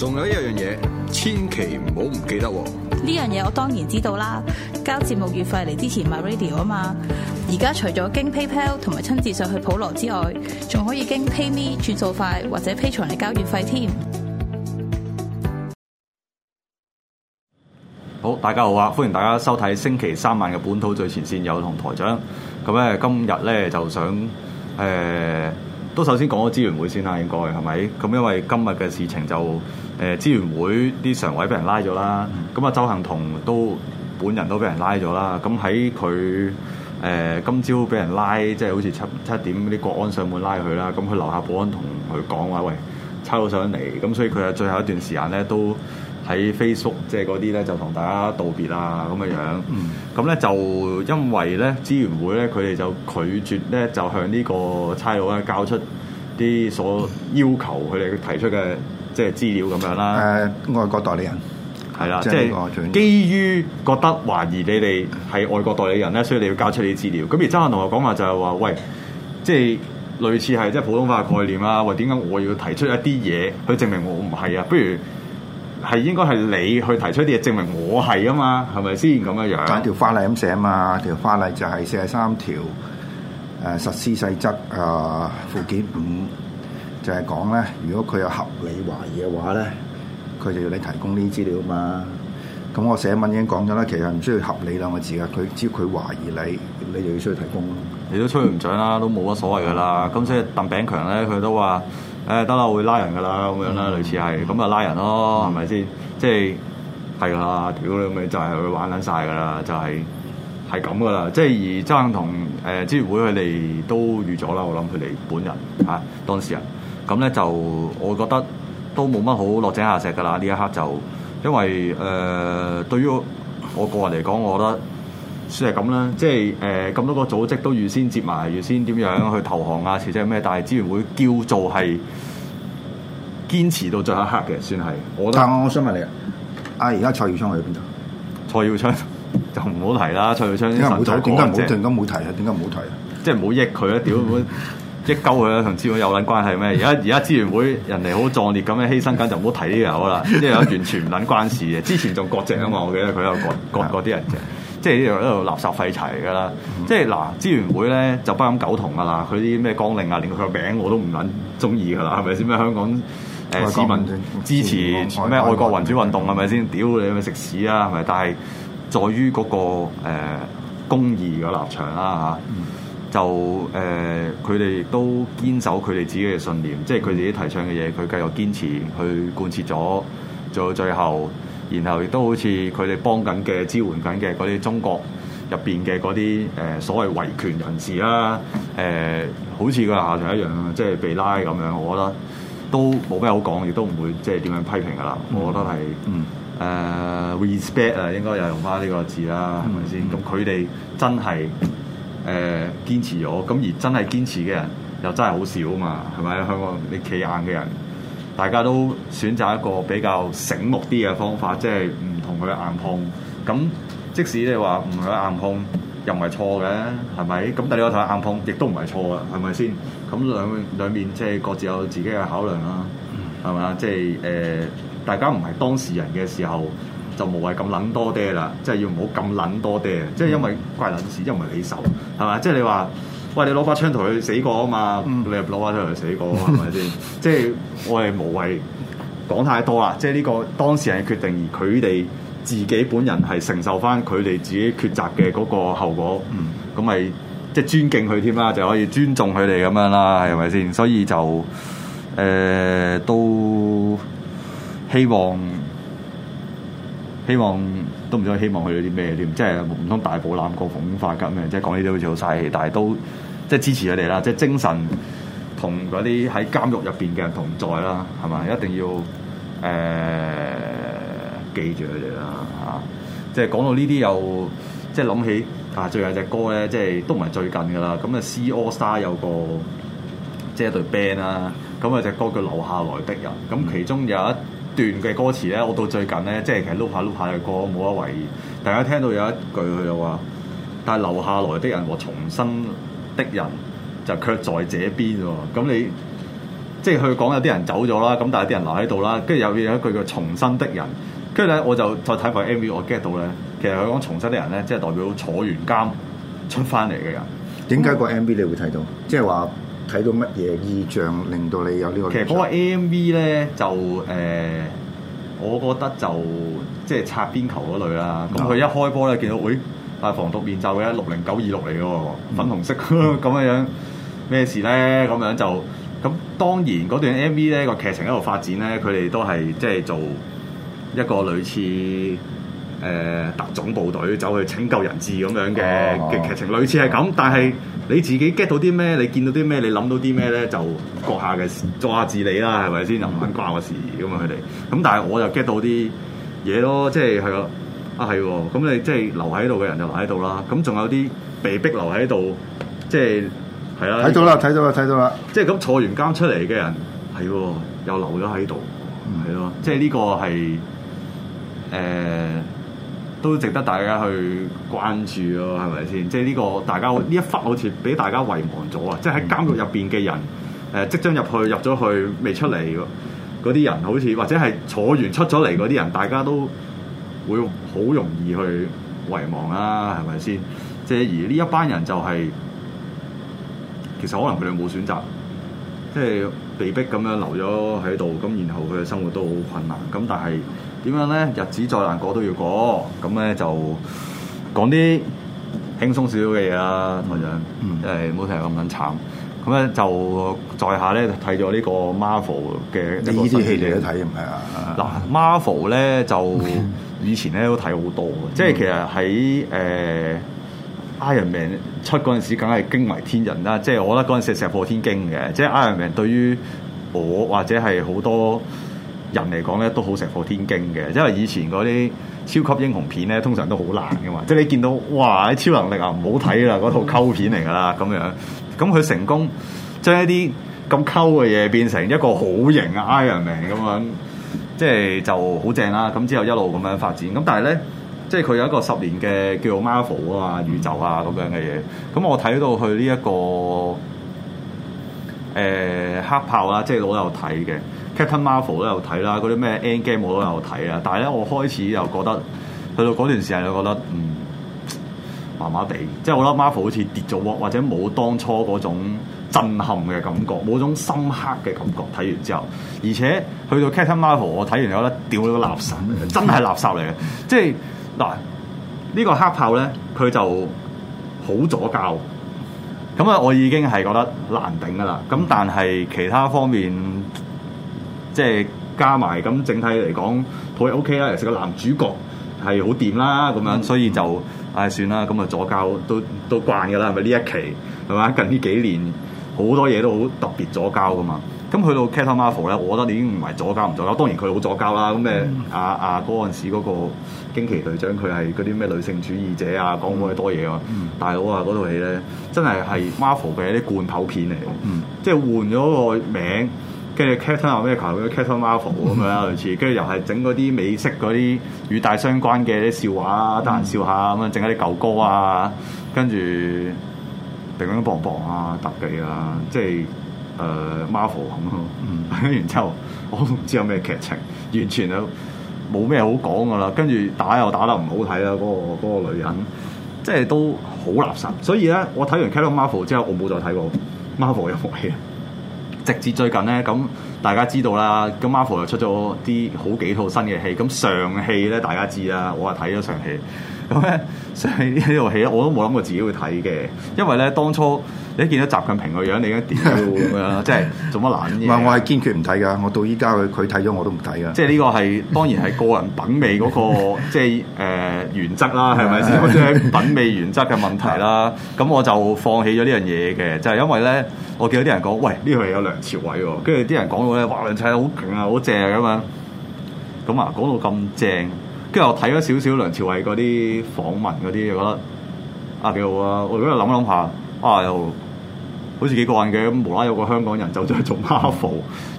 仲有一樣嘢，千祈唔好唔記得喎！呢樣嘢我當然知道啦，交節目月費嚟之前買 radio 啊嘛。而家除咗經 PayPal 同埋親自上去普羅之外，仲可以經 PayMe 轉數快、或者 Pay 財嚟交月費添。 好，大家好啊！歡迎大家收睇星期三晚嘅本土最前線，有同台長。咁咧，今日咧就想誒。呃都首先講咗支聯會先啦，應該係咪？咁因為今日嘅事情就誒、呃、支聯會啲常委俾人拉咗啦，咁啊鄒幸彤都本人都俾人拉咗啦。咁喺佢誒今朝俾人拉，即係好似七七點啲國安上門拉佢啦。咁佢樓下保安同佢講話，喂，差佬上嚟。咁所以佢喺最後一段時間咧都。喺 Facebook 即係嗰啲咧，就同大家道別啦，咁嘅樣，樣。咁咧、嗯、就因為咧資源會咧，佢哋就拒絕咧，就向呢個差佬咧交出啲所要求佢哋提出嘅即係資料咁樣啦。誒、呃，外國代理人係啦，的即係基於覺得懷疑你哋係外國代理人咧，所以你要交出你啲資料。咁而曾鴻同我講話就係話，喂，即、就、係、是、類似係即係普通法嘅概念啦。喂，點解我要提出一啲嘢去證明我唔係啊？不如？係應該係你去提出啲嘢證明我係啊嘛，係咪先咁嘅樣？條法例咁寫啊嘛，條法例就係四十三條誒、呃、實施細則啊、呃、附件五就係講咧，如果佢有合理懷疑嘅話咧，佢就要你提供啲資料嘛。咁我寫文已經講咗啦，其實唔需要合理兩個字嘅，佢只要佢懷疑你，你就要需要提供。你都吹唔上啦，都冇乜所謂㗎啦。咁所以鄧炳強咧，佢都話。誒得、欸、啦，會拉人噶啦，咁樣啦，類似係咁啊，拉人咯，係咪先？吧即係係啦，屌你咪就係去玩撚晒噶啦，就係係咁噶啦。即係而曾同誒、呃、支聯會佢哋都預咗啦，我諗佢哋本人嚇、啊、當事人咁咧，就我覺得都冇乜好落井下石噶啦。呢一刻就因為誒、呃、對於我個人嚟講，我覺得。算係咁啦，即係誒咁多個組織都預先接埋，預先點樣去投降啊？或者咩？但係支援會叫做係堅持到最後一刻嘅，算係。我得但係我想問你啊，而家蔡耀昌去邊度？蔡耀昌就唔好提啦，蔡耀昌因為冇提，點解冇突然間冇提啊？點解唔好提啊？即係唔好益佢啊！屌，益鳩佢啊！同支援會有撚關係咩？而家而家支援會人哋好壯烈咁樣犧牲緊，就唔好提呢啲好啦。啲友完全唔撚關事嘅，之前仲割席啊嘛，我記得佢有割 割啲人隻、就是。即係呢度一路垃圾廢柴㗎啦！嗯、即係嗱，資源會咧就不敢苟同㗎啦。佢啲咩綱領啊，連佢個名我都唔撚鍾意㗎啦，係咪先？咩香港誒塞國 市民支持咩愛國,國民主運動係咪先？屌你咪食屎啊，係咪？但係在於嗰、那個、呃、公義嘅立場啦嚇，啊嗯、就誒佢哋都堅守佢哋自己嘅信念，即係佢自己提倡嘅嘢，佢繼續堅持去貫徹咗，做到最後。然後亦都好似佢哋幫緊嘅支援緊嘅嗰啲中國入邊嘅嗰啲誒所謂維權人士啦，誒、呃、好似佢下場一樣，即係被拉咁樣，我覺得都冇咩好講，亦都唔會即係點樣批評噶啦。我覺得係，嗯誒 respect 啊，呃、expect，應該又用翻呢個字啦，係咪先？咁佢哋真係誒堅持咗，咁而真係堅持嘅人又真係好少啊嘛，係咪？香港你企硬嘅人。大家都選擇一個比較醒目啲嘅方法，即係唔同佢硬碰。咁即使你話唔同佢硬碰，又唔係錯嘅，係咪？咁但你同佢硬碰，亦都唔係錯嘅，係咪先？咁兩兩面即係各自有自己嘅考量啦，係咪即係誒、呃，大家唔係當事人嘅時候，就無謂咁諗多啲啦，即係要唔好咁諗多啲。即係因為怪撚事，因為唔係你手係咪即係你話。喂，你攞把槍同佢死過啊嘛？嗯、你又攞把槍同佢死過，係咪先？即係我係無謂講太多啦。即係呢個當事人嘅決定，而佢哋自己本人係承受翻佢哋自己抉擇嘅嗰個後果。咁咪即係尊敬佢添啦，就可以尊重佢哋咁樣啦，係咪先？所以就誒、呃、都希望。希望都唔想希望佢有啲咩添，即係唔通大步攬過逢凶化吉咩？即係講呢啲好似好嘥氣，但係都即係支持佢哋啦，即係精神同嗰啲喺監獄入邊嘅人同在啦，係咪？一定要誒、呃、記住佢哋啦嚇、啊！即係講到呢啲又即係諗起啊，最後隻歌咧，即係都唔係最近㗎啦。咁啊，C AllStar 有個即係隊 band 啊，咁啊隻歌叫《留下來的人》，咁其中有一段嘅歌詞咧，我到最近咧，即係其實碌下碌下嘅歌冇乜為意。大家聽到有一句佢就話，但係留下來的人和重生的人就卻在這邊喎。咁你即係佢講有啲人走咗啦，咁但係有啲人留喺度啦，跟住又有一句叫重生的人，跟住咧我就再睇返 MV，我 get 到咧，其實佢講重生的人咧，即係代表坐完監出翻嚟嘅人。點解個 MV 你會睇到？即係話。睇到乜嘢意象令到你有呢個？其實嗰個 M V 咧就誒、呃，我覺得就即係擦邊球嗰類啦。咁佢、mm hmm. 一開波咧見到，喂、哎，戴防毒面罩嘅六零九二六嚟嘅喎，mm hmm. 粉紅色咁樣樣，咩事咧？咁樣就咁。當然嗰段 M V 咧，個劇情一路發展咧，佢哋都係即係做一個類似。誒、呃、特種部隊走去拯救人質咁樣嘅嘅劇情，類似係咁。但係你自己 get 到啲咩？你見到啲咩？你諗到啲咩咧？就閣下嘅做下治理啦，係咪先？又唔關我事咁、就是、啊！佢哋咁，但係我就 get 到啲嘢咯，即係係啊，啊係喎！咁你即係留喺度嘅人就留喺度啦。咁仲有啲被逼留喺度，即係係啊！睇到啦，睇到啦，睇到啦！即係咁坐完監出嚟嘅人，係喎、哦、又留咗喺度，係咯、嗯。即係呢個係誒。呃都值得大家去關注咯，係咪先？即係呢個大家呢一忽好似俾大家遺忘咗啊！即係喺監獄入邊嘅人，誒、呃，即將入去、入咗去未出嚟嗰啲人好，好似或者係坐完出咗嚟嗰啲人，大家都會好容易去遺忘啊，係咪先？即係而呢一班人就係、係、其實可能佢哋冇選擇，即係被逼咁樣留咗喺度，咁然後佢嘅生活都好困難，咁但係。點樣咧？日子再難過都要過，咁咧就講啲輕鬆少少嘅嘢啦，台長、嗯，唔好成日咁緊慘。咁咧就在下咧睇咗呢個 Marvel 嘅呢個新戲你嚟睇，唔係啊？嗱、啊，Marvel 咧就以前咧都睇好多、嗯、即係其實喺誒、呃、Iron Man 出嗰陣時，梗係驚為天人啦！即係我覺得嗰陣時石破天驚嘅，即係 Iron Man 對於我或者係好多。人嚟講咧都好石破天驚嘅，因為以前嗰啲超級英雄片咧通常都好爛嘅嘛，即係你見到哇超能力啊唔好睇啦，嗰套溝片嚟㗎啦咁樣，咁佢成功將一啲咁溝嘅嘢變成一個好型嘅 Iron Man 咁樣，咁樣，即係就好正啦。咁之後一路咁樣發展，咁但係咧即係佢有一個十年嘅叫做 Marvel 啊嘛，宇宙啊咁樣嘅嘢，咁我睇到佢呢一個誒、呃、黑豹啦，即係我有睇嘅。Captain Marvel 都有睇啦，嗰啲咩 Endgame 我都有睇啊。但係咧，我開始又覺得去到嗰段時間又覺得嗯麻麻地，即係我覺得 Marvel 好似跌咗或者冇當初嗰種震撼嘅感覺，冇種深刻嘅感覺。睇完之後，而且去到 Captain Marvel，我睇完又覺得掉咗個垃圾，真係垃圾嚟嘅。即係嗱，呢個黑豹咧，佢就好左膠，咁啊，我已經係覺得難頂㗎啦。咁但係其他方面。即係加埋咁，整體嚟講，套嘢 O K 啦。其實個男主角係好掂啦，咁、嗯、樣，所以就唉、哎、算就啦。咁啊，左膠都都慣嘅啦，係咪呢一期係嘛？近呢幾年好多嘢都好特別左膠嘅嘛。咁去到 Captain Marvel 咧，我覺得已經唔係左膠唔左膠。當然佢好左膠啦。咁嘅、嗯、啊，阿嗰陣時嗰個驚奇隊長佢係嗰啲咩女性主義者啊，講好多嘢啊。嗯、大佬啊，嗰套戲咧，真係係 Marvel 嘅一啲罐頭片嚟嘅、嗯，即係換咗個名。跟住 Captain America，跟住 Captain Marvel 咁樣類似，跟住 又係整嗰啲美式嗰啲語帶相關嘅啲笑話啊， 得閒笑下咁樣，整下啲舊歌啊，跟住定嗰啲棒啊、特技啊，即係誒、呃、Marvel 咁咯。嗯，跟住然之後，我都唔知有咩劇情，完全就冇咩好講噶啦。跟住打又打得唔好睇啦，嗰、那個那個女人即係都好垃圾。所以咧，我睇完 Captain Marvel 之後，我冇再睇過 Marvel 任何戲。直至最近咧，咁大家知道啦，咁 Marvel 又出咗啲好幾套新嘅戲。咁尚氣咧，大家知啦，我啊睇咗尚氣。咁咧，上呢套戲咧，我都冇諗過自己會睇嘅，因為咧當初你一見到習近平個樣，你已經點咁樣 即係做乜卵嘢？唔係，我係堅決唔睇噶，我到依家佢佢睇咗我都唔睇噶。即係呢個係當然係個人品味嗰、那個 即係誒、呃、原則啦，係咪先？即係 品味原則嘅問題啦。咁 我就放棄咗呢樣嘢嘅，就係、是、因為咧，我見到啲人講，喂，呢度有梁朝偉喎、哦，跟住啲人講到咧，哇，梁好勁啊，好正啊咁樣。咁啊，講到咁正。跟住我睇咗少少梁朝偉嗰啲訪問嗰啲、啊，又覺得啊幾好啊！我嗰度諗一諗下，啊又好似幾過癮嘅，無啦有個香港人走咗去做 Marvel，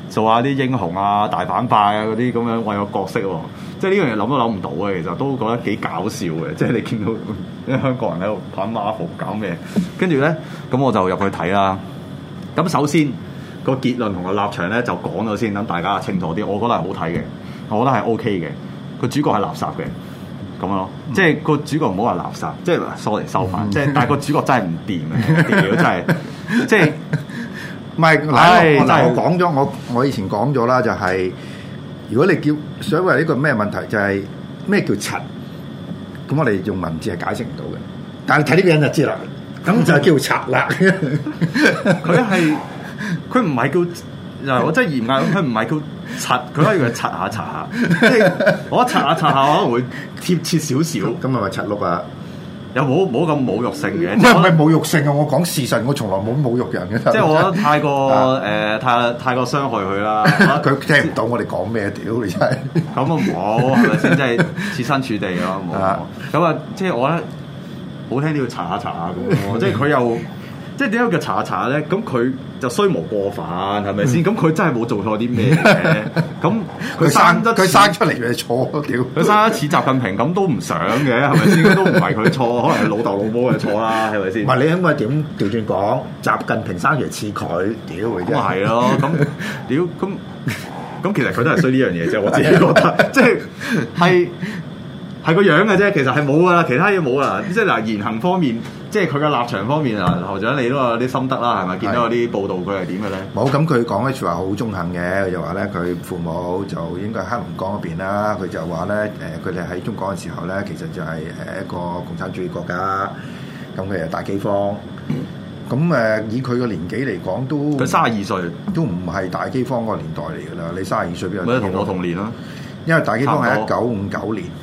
做下啲英雄啊、大反派啊嗰啲咁樣，為個角色喎、啊！即係呢樣嘢諗都諗唔到嘅，其實都覺得幾搞笑嘅。即係你見到香港人喺度拍 Marvel 搞咩？跟住咧，咁我就入去睇啦。咁首先、個結論同個立場咧就講咗先，等大家清楚啲。我覺得係好睇嘅，我覺得係 OK 嘅。個主角係垃圾嘅，咁樣咯，嗯、即係個主角唔好話垃圾，即係收嚟收翻，即係、嗯、但係個主角真係唔掂嘅，如果真係、就係，即係唔係？嗱我講咗，我我以前講咗啦、就係，就係如果你叫所謂呢個咩問題就，就係咩叫塵？咁我哋用文字係解釋唔到嘅，但係睇呢個人就知啦。咁就叫塵啦，佢係佢唔係叫。我真係嚴格佢唔係叫擦，佢可以佢擦下擦下。即係我擦下擦下，可能會貼切少少。咁日咪擦碌啊！有冇冇咁侮辱性嘅。唔係唔係侮辱性嘅，我講事實，我從來冇侮辱人嘅。即係我覺得太過誒，太太過傷害佢啦。佢聽唔到我哋講咩？屌你真閪！咁啊冇，係咪先真係設身處地咯？咁啊，即係我覺得，好聽啲要查下查下嘅。即係佢又。即係點解叫查查咧？咁佢就衰無過犯，係咪先？咁佢、嗯、真係冇做錯啲咩？咁佢生得佢生出嚟嘅錯？佢生得似習近平咁都唔想嘅，係咪先？ 都唔係佢錯，可能係老豆老母嘅錯啦，係咪先？唔係你應該點調轉講？習近平生完似佢，屌都係咯。咁屌咁咁，其實佢都係衰呢樣嘢，啫，我自己覺得，即係係。係個樣嘅啫，其實係冇啊。其他嘢冇噶啦。即係嗱，言行方面，即係佢嘅立場方面啊，學長你都有啲心得啦，係咪？見到有啲報道佢係點嘅咧？冇，咁佢講一句話好中肯嘅，佢就話咧佢父母就應該係黑龍江嗰邊啦。佢就話咧，誒、呃，佢哋喺中國嘅時候咧，其實就係誒一個共產主義國家。咁佢又大饑荒，咁誒、呃、以佢嘅年紀嚟講都佢三十二歲，都唔係大饑荒個年代嚟噶啦。你三十二歲邊有咩同我同年啦、啊？因為大饑荒係一九五九年。不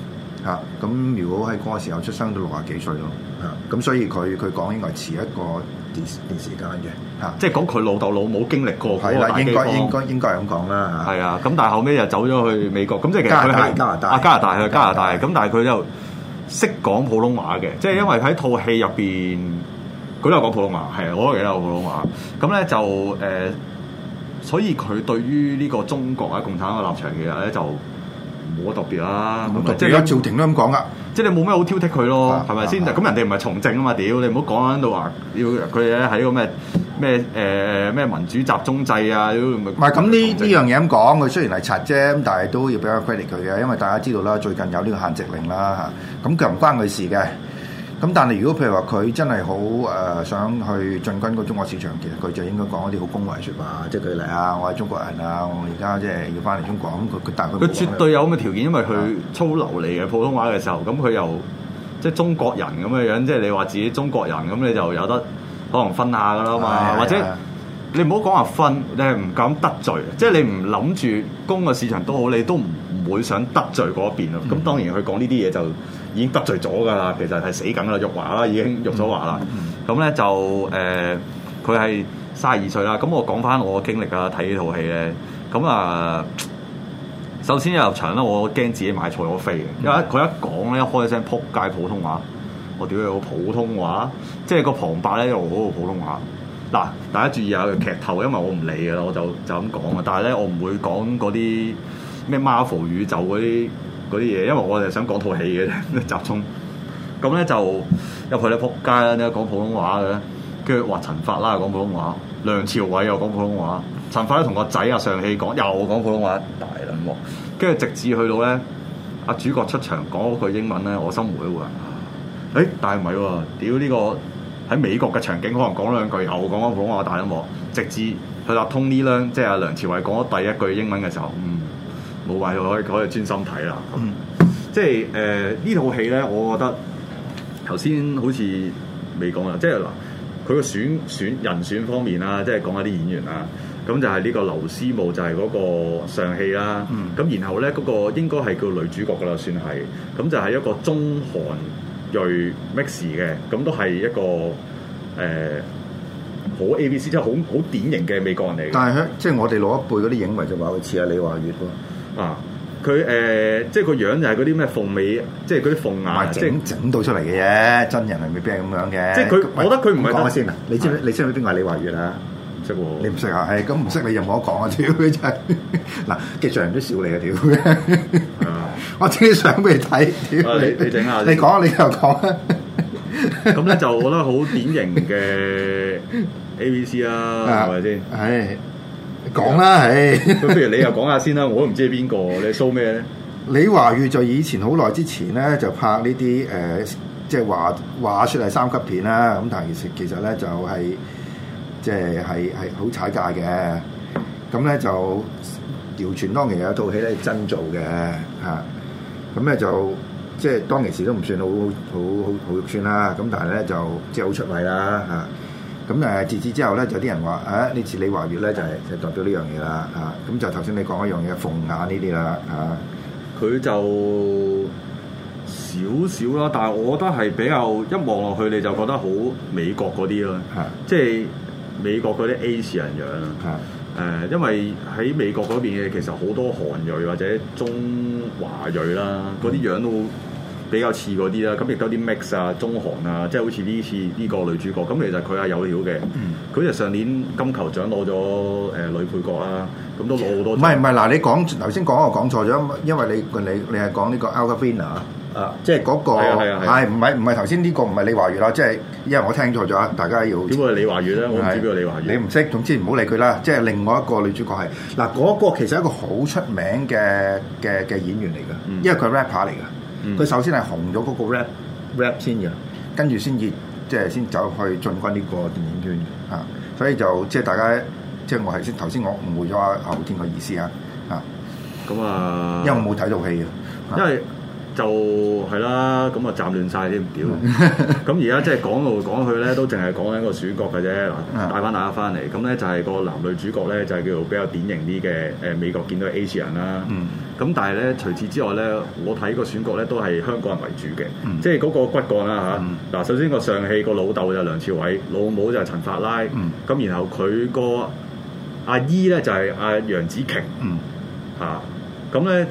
咁如果喺嗰個時候出生到六廿幾歲咯，啊，咁所以佢佢講應該係遲一個段段時間嘅，嚇，即係講佢老豆老母經歷過嗰啦，應該應該應該咁講啦，嚇。啊，咁但係後尾又走咗去美國，咁即係其實佢係加拿大啊，加拿大係加拿大，咁但係佢又識講普通話嘅，即係、嗯、因為喺套戲入邊，佢都有講普通話，係我都記得有普通話。咁咧就誒、呃，所以佢對於呢個中國啊、共產黨嘅立場其實咧就。冇乜特別啦、啊，即係而家趙婷都咁講噶，即係你冇咩好挑剔佢咯，係咪先？就咁人哋唔係從政啊嘛。屌你唔好講喺度話要佢喺係個咩咩誒咩民主集中制啊，唔係咁呢呢樣嘢咁講，佢雖然係拆啫，咁但係都要比較 credit 佢嘅，因為大家知道啦，最近有呢個限值令啦嚇，咁佢又唔關佢事嘅。咁但係如果譬如話佢真係好誒、呃、想去進軍個中國市場，其實佢就應該講一啲好恭維說話，即係佢嚟啊，我係中國人啊，我而家即係要翻嚟中國，咁佢佢但係佢冇。佢絕對有咁嘅條件，因為佢粗流嚟嘅普通話嘅時候，咁佢又即係中國人咁嘅樣，即係你話自己中國人，咁你就有得可能分下噶啦嘛，哎、呀或者、哎、呀你唔好講話分，你係唔敢得罪，即係你唔諗住攻個市場都好，你都唔。會想得罪嗰邊咯，咁、嗯、當然佢講呢啲嘢就已經得罪咗㗎啦，其實係死梗啦，辱華啦已經辱咗華啦。咁咧、嗯嗯、就誒，佢係三十二歲啦。咁我講翻我嘅經歷啊，睇呢套戲咧，咁啊、呃，首先有入場啦，我驚自己買錯咗飛嘅，嗯、因為佢一講咧，一開聲撲街普通話，我屌佢個普通話，即係個旁白咧一路嗰個普通話。嗱，大家注意下劇透，因為我唔理㗎啦，我就就咁講啊。但係咧，我唔會講嗰啲。咩 Marvel 宇宙嗰啲啲嘢，因為我哋想講套戲嘅咧， 集中咁咧就入去你撲街啦，你講普通話嘅，跟住話陳法拉講普通話，梁朝偉又講普通話，陳法拉同個仔啊上戲講又講普通話，大音鑊，跟住直至去到咧阿主角出場講咗句英文咧，我心會話，誒、欸、但係唔係喎，屌呢、呢個喺美國嘅場景可能講兩句又講咗普通話大音鑊，直至佢搭通呢兩，即係阿梁朝偉講咗第一句英文嘅時候，嗯。冇話，可以可以專心睇啦。嗯、即係誒、呃、呢套戲咧，我覺得頭先好似未講啊。即係嗱，佢個選選人選方面啦，即係講一啲演員啊。咁就係呢個劉思慕，就係嗰個尚氣啦。咁、嗯、然後咧，嗰、嗰個應該係叫女主角噶啦，算係。咁就係一個中韓裔 mix 嘅，咁都係一個誒好、呃、ABC，即係好好典型嘅美國人嚟。但係即係我哋老一輩嗰啲影迷就話好似啊，李華月啊！佢誒，即係個樣就係嗰啲咩鳳尾，即係嗰啲鳳牙，即係整到出嚟嘅嘢。真人係未必係咁樣嘅。即係佢，我覺得佢唔係。講先啦，你識唔識？你識唔識邊個係李華月啊？唔識喎。你唔識啊？係咁唔識，你又唔可講啊！屌你真係！嗱，記者人都笑你啊！屌！我整啲相俾你睇。屌你！你整下。你講，你就講啦。咁咧就我覺得好典型嘅 ABC 啊，係咪先？係。講啦，咁不 是如你又講下先啦， 我都唔知係邊個，你 show 咩咧？李華玉在以前好耐之前咧，就拍呢啲誒，即係話話說係三級片啦。咁但係其實其實咧就係即係係係好踩價嘅。咁咧就謠傳當其有一套戲咧真做嘅吓，咁咧就即係當其時都唔算好好好好肉酸啦。咁但係咧就即係好出位啦吓。咁誒、嗯，自此之後咧，就有啲人話，啊，呢次李華月咧就係、是、就是、代表呢樣嘢啦，嚇、啊，咁就頭先你講一樣嘢，鳳眼呢啲啦，嚇、啊，佢就少少啦，但係我覺得係比較一望落去你就覺得好美國嗰啲啦，係是，即係美國嗰啲 Asian 人樣，係是，誒，因為喺美國嗰邊嘅其實好多韓裔或者中華裔啦，嗰啲樣都，比較似嗰啲啦，咁亦都有啲 mix 啊、中韓啊，即係好似呢次呢個女主角，咁其實佢係有料嘅。佢、嗯、就上年金球獎攞咗誒女配角啊，咁都攞好多。唔係唔係，嗱你講頭先講我講錯咗，因為你你你係講呢個 Awkwafina 啊，即係嗰個係唔係唔係頭先呢個唔係李華月啦，即係因為我聽錯咗，大家要。點會係李華月咧？即係我唔知邊個李華月。你唔識，總之唔好理佢啦。即係另外一個女主角係嗱，嗰個其實係一個好出名嘅嘅嘅演員嚟嘅，因為佢係 rapper 嚟㗎。佢、嗯、首先係紅咗嗰個 rap rap 先嘅，跟住先至即係先走去進軍呢個電影圈啊，所以就即係大家即係我係先頭先我誤會咗阿浩天嘅意思啊啊，咁啊、嗯，因為我冇睇到戲啊，因為。就係啦，咁啊站亂晒啲唔屌！咁而家即係講嚟講去咧，都淨係講緊個選角嘅啫，帶翻大家翻嚟。咁咧就係個男女主角咧，就係叫做比較典型啲嘅誒美國見到 Asian 啦、嗯。咁但係咧，除此之外咧，我睇個選角咧都係香港人為主嘅，即係嗰個骨幹啦嚇。嗱、嗯，首先個尚氣，個老豆就係梁朝偉，老母就係陳法拉。咁、嗯、然後佢個阿姨咧就係阿楊紫瓊。嚇咁咧。啊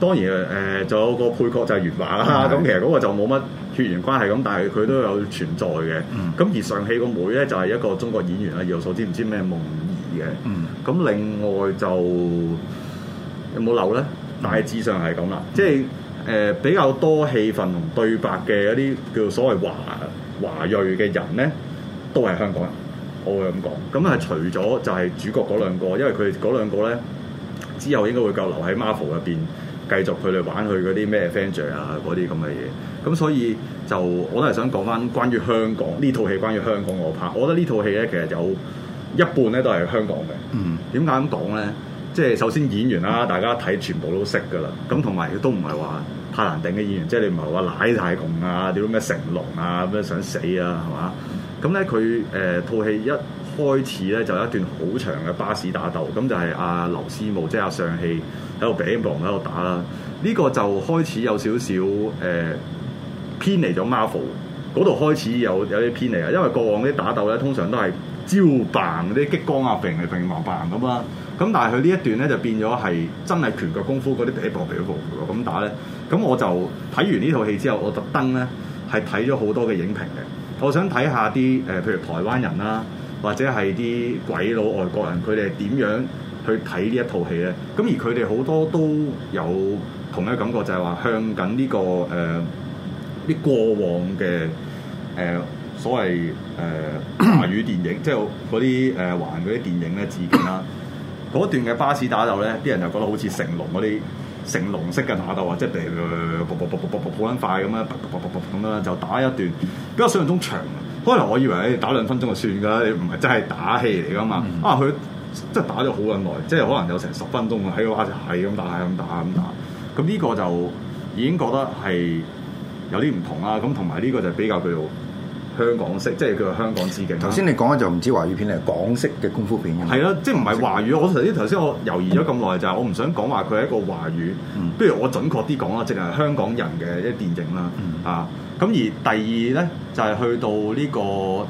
當然誒，仲、呃、有個配角就係元華啦。咁的其實嗰個就冇乜血緣關係咁，但係佢都有存在嘅。咁、嗯、而尚氣個妹咧，就係、是、一個中國演員啦。以我所知，知，唔知咩夢兒嘅。咁、嗯、另外就有冇漏咧？嗯、大致上係咁啦，嗯、即係誒、呃、比較多戲份同對白嘅一啲叫做所謂華華裔嘅人咧，都係香港人。我會咁講。咁係除咗就係主角嗰兩個，因為佢嗰兩個咧之後應該會夠留喺 Marvel 入邊。繼續佢哋玩佢嗰啲咩 fenger 啊嗰啲咁嘅嘢，咁所以就我都係想講返關於香港呢套戲，關於香港我怕，我覺得呢套戲咧其實有一半咧都係香港嘅。嗯，點解咁講咧？即係首先演員啦，啊，嗯，大家睇全部都識㗎啦。咁同埋亦都唔係話太難頂嘅演員，即係你唔係話奶太洪啊，點樣咩成龍啊咁樣想死啊係嘛？咁咧佢誒套戲一開始咧就有一段好長嘅巴士打鬥，咁就係阿劉思慕即係阿尚氣喺度比搏喺度打啦。呢、呢個就開始有少少誒偏離咗 Marvel 嗰度開始有有啲偏離啊，因為過往啲打鬥咧通常都係招棒啲激光啊，平嚟平橫棒咁啦。咁但係佢呢一段咧就變咗係真係拳腳功夫嗰啲比搏比搏咁打咧。咁我就睇完呢套戲之後，我特登咧係睇咗好多嘅影評嘅，我想睇下啲誒，譬如台灣人啦。或者係啲鬼佬外國人，佢哋點樣去睇呢一套戲咧？咁而佢哋好多都有同一感覺，就係話向緊呢個誒啲過往嘅誒所謂誒華語電影，即係嗰啲誒華人啲電影咧致敬啦。嗰段嘅巴士打鬥咧，啲人就覺得好似成龍嗰啲成龍式嘅打鬥啊，即係啵啵啵啵啵啵咁樣快咁啦，咁啦，就打一段比較想象中長。可能我以為你打兩分鐘就算㗎，你唔係真係打戲嚟㗎嘛？嗯、啊，佢即係打咗好撚耐，即係可能有成十分鐘喺個畫就係咁打，係咁打，咁打，咁呢個就已經覺得係有啲唔同啦。咁同埋呢個就比較叫做香港式，即係叫香港致敬。頭先你講嘅就唔止華語片，係港式嘅功夫片嘅。係咯的，式即係唔係華語。我頭先頭先我猶豫咗咁耐，就係、是、我唔想講話佢係一個華語。嗯、不如我準確啲講啦，即係香港人嘅一電影啦。啊，咁而第二咧就係去到呢個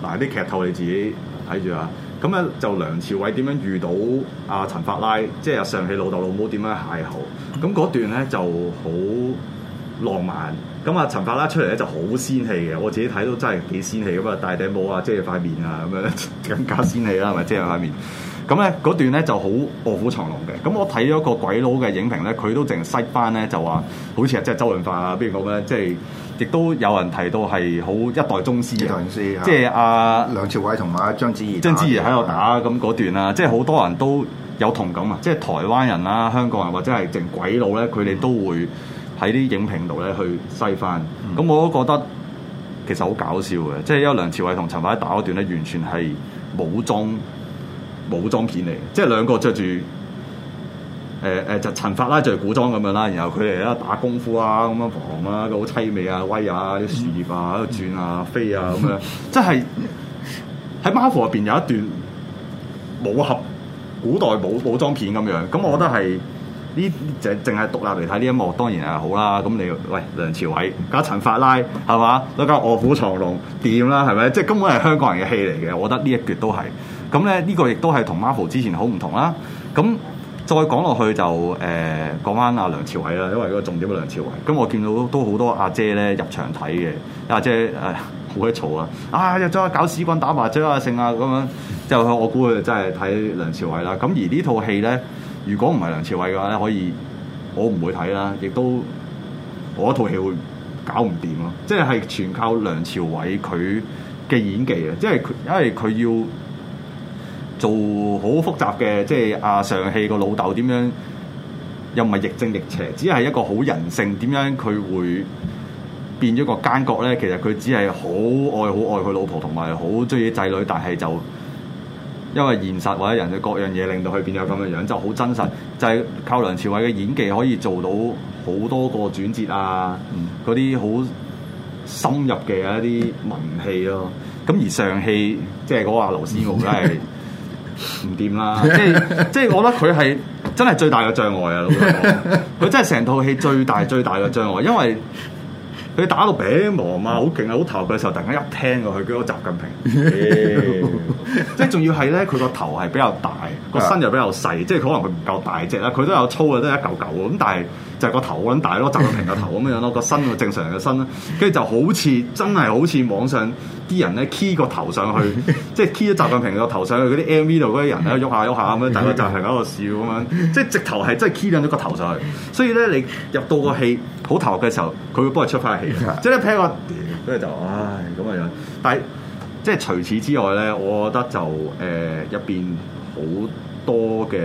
嗱啲劇透你自己睇住啊。咁咧就梁朝偉點樣遇到阿、啊、陳法拉，即係尚氣老豆老母點樣邂逅？咁嗰、嗯、段咧就好浪漫。咁啊，陳法拉出嚟咧就好仙氣嘅，我自己睇到真係幾仙氣咁啊！戴頂帽啊，即係塊面啊，咁樣更加仙氣啦，係咪即係塊面？咁咧嗰段咧就好臥虎藏龍嘅。咁我睇咗個鬼佬嘅影評咧，佢都淨係 side 咧就話，好似啊，即係周潤發啊，邊個講咧，即係亦都有人提到係好一代宗師嘅，代即係阿、啊、梁朝偉同埋阿章子怡。章子怡喺度打咁嗰、那個、段啊，即係好多人都有同感啊！即係台灣人啦、香港人或者係淨鬼佬咧，佢哋都會。嗯喺啲影評度咧去西翻，咁、嗯、我都覺得其實好搞笑嘅。即、就、係、是、因為梁朝偉同陳法拉打嗰段咧，完全係武裝武裝片嚟嘅，即、就、係、是、兩個着住誒誒就陳法拉着古裝咁樣啦，然後佢哋喺度打功夫啊，咁樣防啊，好凄美啊，威啊，啲樹葉啊喺度轉啊、嗯、飛啊咁樣，即係喺 Marvel 入邊有一段武俠古代武武裝片咁樣，咁我覺得係。嗯嗯呢就淨係獨立嚟睇呢一幕當然係好啦，咁你喂，梁朝偉加陳法拉係嘛？加個臥虎藏龍掂啦，係咪？即係根本係香港人嘅戲嚟嘅，我覺得呢一撅都係。咁咧呢個亦都係同 Marvel 之前好唔同啦。咁再講落去就，誒講翻阿梁朝偉啦，因為嗰個重點係梁朝偉。咁我見到都好多阿姐咧入場睇嘅阿姐誒，好鬼嘈啊！啊又再搞屎棍打麻將啊勝啊咁樣，就我估佢就真係睇梁朝偉啦。咁而呢套戲咧。呢如果唔係梁朝偉嘅話咧，可以我唔會睇啦，亦都我一套戲會搞唔掂咯。即係全靠梁朝偉佢嘅演技啊！即係佢，因為佢要做好複雜嘅，即係阿尚氣個老豆點樣，又唔係亦正亦邪，只係一個好人性點樣，佢會變咗個奸角咧。其實佢只係好愛、好愛佢老婆同埋好中意啲仔女，但係就。因為現實或者人哋各樣嘢令到佢變咗咁嘅樣樣，就好真實。就係靠梁朝偉嘅演技可以做到好多個轉折啊，嗰啲好深入嘅一啲文戲咯。咁而上戲即係講話劉思慕，梗係唔掂啦。 即係即係我覺得佢係真係最大嘅障礙啊！老實講，佢真係成套戲最大最大嘅障礙，因為。佢打到餅模啊，好勁啊！好頭嘅時候，突然間一聽過去，叫咗習近平， 即係仲要係咧，佢個頭係比較大，個身又比較細，的即係可能佢唔夠大隻啦，佢都有粗嘅，都係一嚿嚿嘅，咁但係。就個頭咁大咯，習近平個頭咁樣咯，個身就正常嘅身啦，跟住就好似真係好似網上啲人咧，key 個頭上去，即係 key 咗習近平個頭上去嗰啲 MV 度嗰啲人喺度喐下喐下咁樣，大個習近平喺度笑咁樣，即係直頭係真係 key 緊咗個頭上去。所以咧，你入到個戲好投入嘅時候，佢會幫你出翻個戲。即係 你劈個，跟住就唉咁樣。但係即係除此之外咧，我覺得就誒入、呃、邊好。多嘅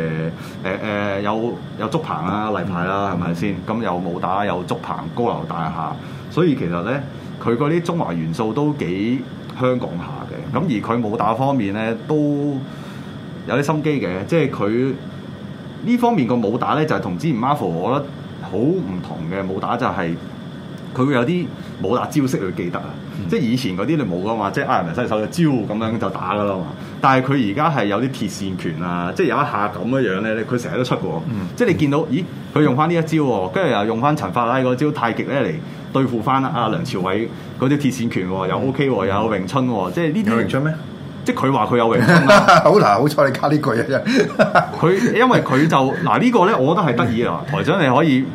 誒誒有有竹棚啊，例牌啦，係咪先？咁、嗯、有武打有竹棚、高樓大廈。所以其實咧，佢嗰啲中華元素都幾香港下嘅。咁而佢武打方面咧，都有啲心機嘅，即係佢呢方面個武打咧，就係同之前 Marvel，我覺得好唔同嘅武打，就係佢會有啲。冇打招式，你記得啊。嗯、即係以前嗰啲你冇噶嘛，即係挨人嚟洗手嘅招咁樣就打噶啦嘛。但係佢而家係有啲鐵線拳啊，即係有一下咁嘅樣咧，佢成日都出喎。嗯、即係你見到，咦？佢用翻呢一招、哦，跟住又用翻陳法拉嗰招太極咧嚟對付翻阿梁朝偉嗰啲鐵線拳、哦，又 OK 喎、哦，嗯、又有詠春喎、哦。即係呢啲有詠春咩？即係佢話佢有詠春。好嗱，好彩你加呢句嘢啫。佢 因為佢就嗱呢個咧，我覺得係得意啊台長，你可以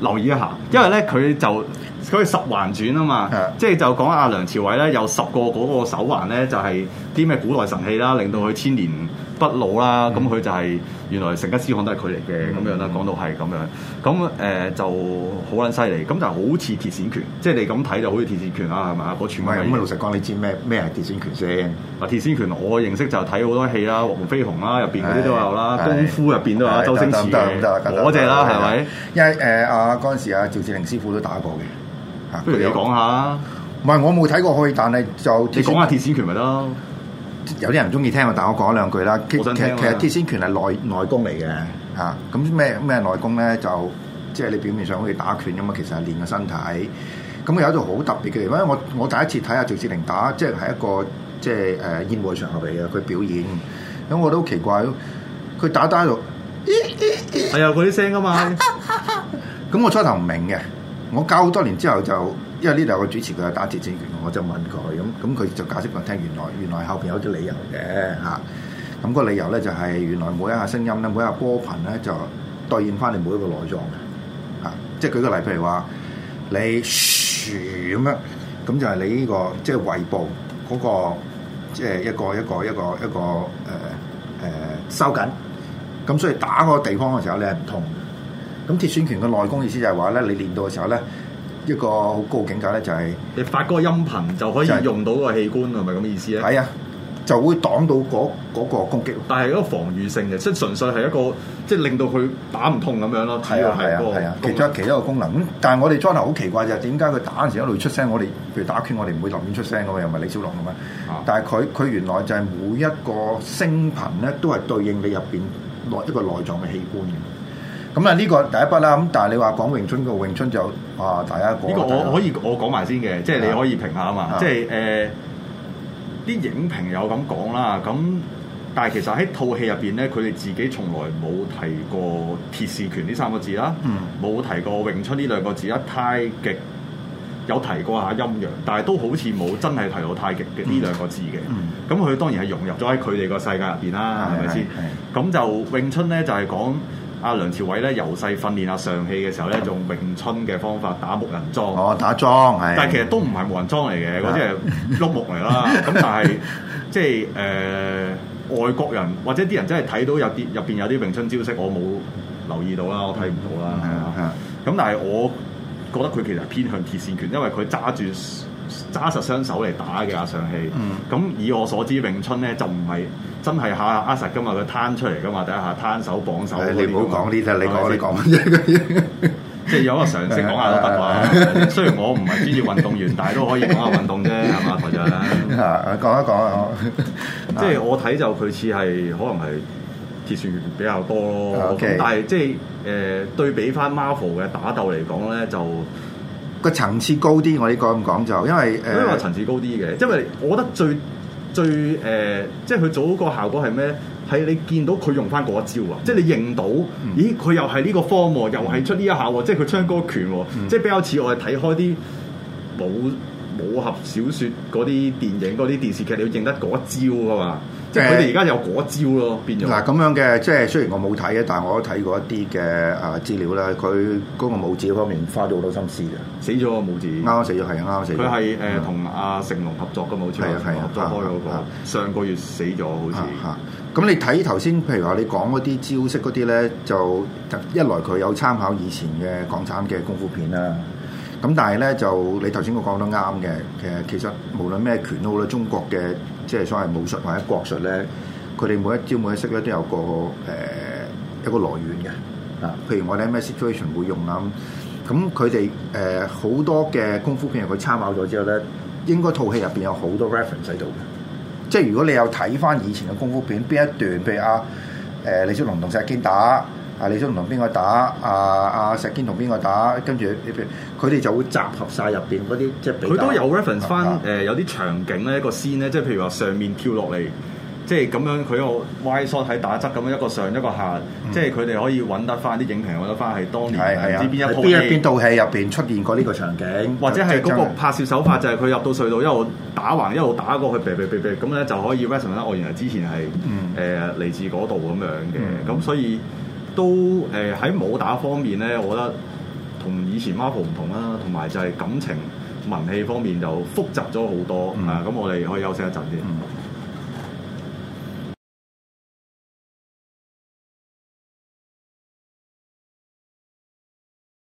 留意一下，因為咧佢就。佢十環轉啊嘛，是的 即係就講阿梁朝偉咧有十個嗰個手環咧，就係啲咩古代神器啦，令到佢千年不老啦。咁佢、嗯、就係原來成吉思汗都係佢嚟嘅咁樣啦、啊。講到係咁樣，咁誒、啊、就，就好撚犀利。咁就好似鐵線拳，即係你咁睇就好似鐵線拳啦，係咪啊？全串威咁啊！老實講，你知咩咩係鐵線拳先？嗱，鐵線拳我認識就睇好多戲啦，《黃飛鴻》啦，入邊嗰啲都有啦，哎《功夫》入邊都有，周星馳都得，啦，係咪？因為誒啊嗰陣時啊，趙志凌師傅都打過嘅。啊啊啊不如你講下，唔係我冇睇過去，但係就你講下鐵線拳咪得咯？有啲人中意聽，但我講兩句啦。其實其實鐵線拳係內內功嚟嘅。吓，咁咩咩內功咧就即係你表面上好似打拳噶嘛，其實係練個身體。咁佢有一度好特別嘅地方，我我第一次睇阿趙志玲打，即係係一個即係誒宴會場合嚟嘅，佢表演咁，我都好奇怪，佢打打就係有嗰啲聲噶嘛。咁我初頭唔明嘅。我教好多年之後就，因為呢兩個主持佢係打鐵線拳，我就問佢咁，咁佢就解釋俾我聽，原來原來後邊有啲理由嘅嚇。咁、啊那個理由咧就係、是、原來每一下聲音咧，每一下波頻咧就對應翻你每一個內臟嘅嚇、啊。即係舉個例，譬如話你嘘咁樣、這個，咁就係你呢個即係胃部嗰個即係一個一個一個一個誒誒、呃呃、收緊。咁所以打嗰個地方嘅時候，你係唔痛。咁鐵線拳嘅內功意思就係話咧，你練到嘅時候咧，一個好高境界咧就係、是、你發嗰個音頻就可以、就是、用到嗰個器官喎，係咪咁嘅意思咧？係啊，就會擋到嗰、那個那個攻擊。但係一個防禦性嘅，即、就、係、是、純粹係一個即係、就是、令到佢打唔痛咁樣咯。主要係啊，其他其他嘅功能。嗯、但係我哋莊頭好奇怪就係點解佢打嗰陣時一路出聲？我哋譬如打拳，我哋唔會隨便出聲嘅，又唔係李小龍咁啊。但係佢佢原來就係每一個聲頻咧，都係對應你入邊內一個內臟嘅器官嘅。咁啊，呢個第一筆啦，咁但係你話講詠春個詠春就啊，大家講呢個,個,我,個我可以我講埋先嘅，嗯、即係你可以評下啊嘛，即係誒啲影評有咁講啦，咁但係其實喺套戲入邊咧，佢哋自己從來冇提過鐵士權呢三個字啦，冇提過詠春呢兩個字啦，太極有提過下陰陽，但係都好似冇真係提到太極嘅呢兩個字嘅，咁佢、嗯嗯、當然係融入咗喺佢哋個世界入邊啦，係咪先？咁就詠春咧就係講。阿梁朝偉咧由細訓練阿尚氣嘅時候咧，用詠春嘅方法打木人樁。哦，打樁，係。但係其實都唔係木人樁嚟嘅，嗰啲係碌木嚟啦。咁 但係即係誒外國人或者啲人真係睇到有啲入邊有啲詠春招式，我冇留意到啦，我睇唔到啦。係啊的，咁的但係我覺得佢其實偏向鐵線拳，因為佢揸住。揸實雙手嚟打嘅，阿尚氣。咁以我所知詠春咧就唔係真係下下揸實噶嘛，佢攤出嚟噶嘛。第一下攤手綁手，你唔好講呢啲啦。你講你講，即係有一個常識講下都得啩。雖然我唔係專業運動員，但係都可以講下運動啫。阿馬台長，吓講一講啊，即係我睇就佢似係可能係鐵線拳比較多咯，但係即係誒對比翻 Marvel 嘅打鬥嚟講咧就。個層次高啲，我呢個咁講就，因為誒。可以話層次高啲嘅，因為我覺得最最誒、呃，即係佢做嗰個效果係咩咧？係你見到佢用翻嗰一招啊！即係你認到，嗯、咦？佢又係呢個科喎，又係出呢一下喎，即係佢唱歌拳喎，嗯、即係比較似我哋睇開啲武武俠小説嗰啲電影嗰啲電視劇，你要認得嗰一招㗎嘛。即係佢哋而家有嗰招咯，變咗。嗱，咁樣嘅，即係雖然我冇睇嘅，但我都睇過一啲嘅誒資料啦。佢嗰個武指方面花咗好多心思嘅，死咗個武指，啱啱死咗，係啊，啱啱死咗。佢係誒同阿成龍合作嘅嘛，好似係啊，係啊，啊合作開咗、嗰個、啊啊、上個月死咗，好似嚇。咁、啊啊、你睇頭先，譬如話你講嗰啲招式嗰啲咧，就一來佢有參考以前嘅港產嘅功夫片啦。咁但係咧就你頭先我講得啱嘅，其實其實無論咩拳都好啦，中國嘅。即係所謂武術或者國術咧，佢哋每一招每一式咧都有個誒、呃、一個來源嘅啊。譬如我哋咩 situation 會用啦，咁佢哋誒好多嘅功夫片佢去參考咗之後咧，應該套戲入邊有好多 reference 喺度嘅。即係如果你有睇翻以前嘅功夫片，邊一段譬如阿、啊、誒、呃、李小龍同石堅打。啊！李忠唔同邊個打？阿阿石堅同邊個打？跟住，佢哋就會集合晒入邊嗰啲，即係佢都有 reference 翻誒有啲場景咧，一個先咧，即係譬如話上面跳落嚟，即係咁樣佢個 wide shot 喺打側咁樣一個上一個下，即係佢哋可以揾得翻啲影評，揾得翻係當年係知邊一邊一邊套戲入邊出現過呢個場景，或者係嗰個拍攝手法就係佢入到隧道一路打橫一路打過去，咁咧就可以 reference 得我原來之前係誒嚟自嗰度咁樣嘅，咁所以。都誒喺、呃、武打方面咧，我覺得同以前 Marvel 唔同啦、啊，同埋就係感情文氣方面就複雜咗好多。嗯、啊，咁我哋可以休息一陣先。嗯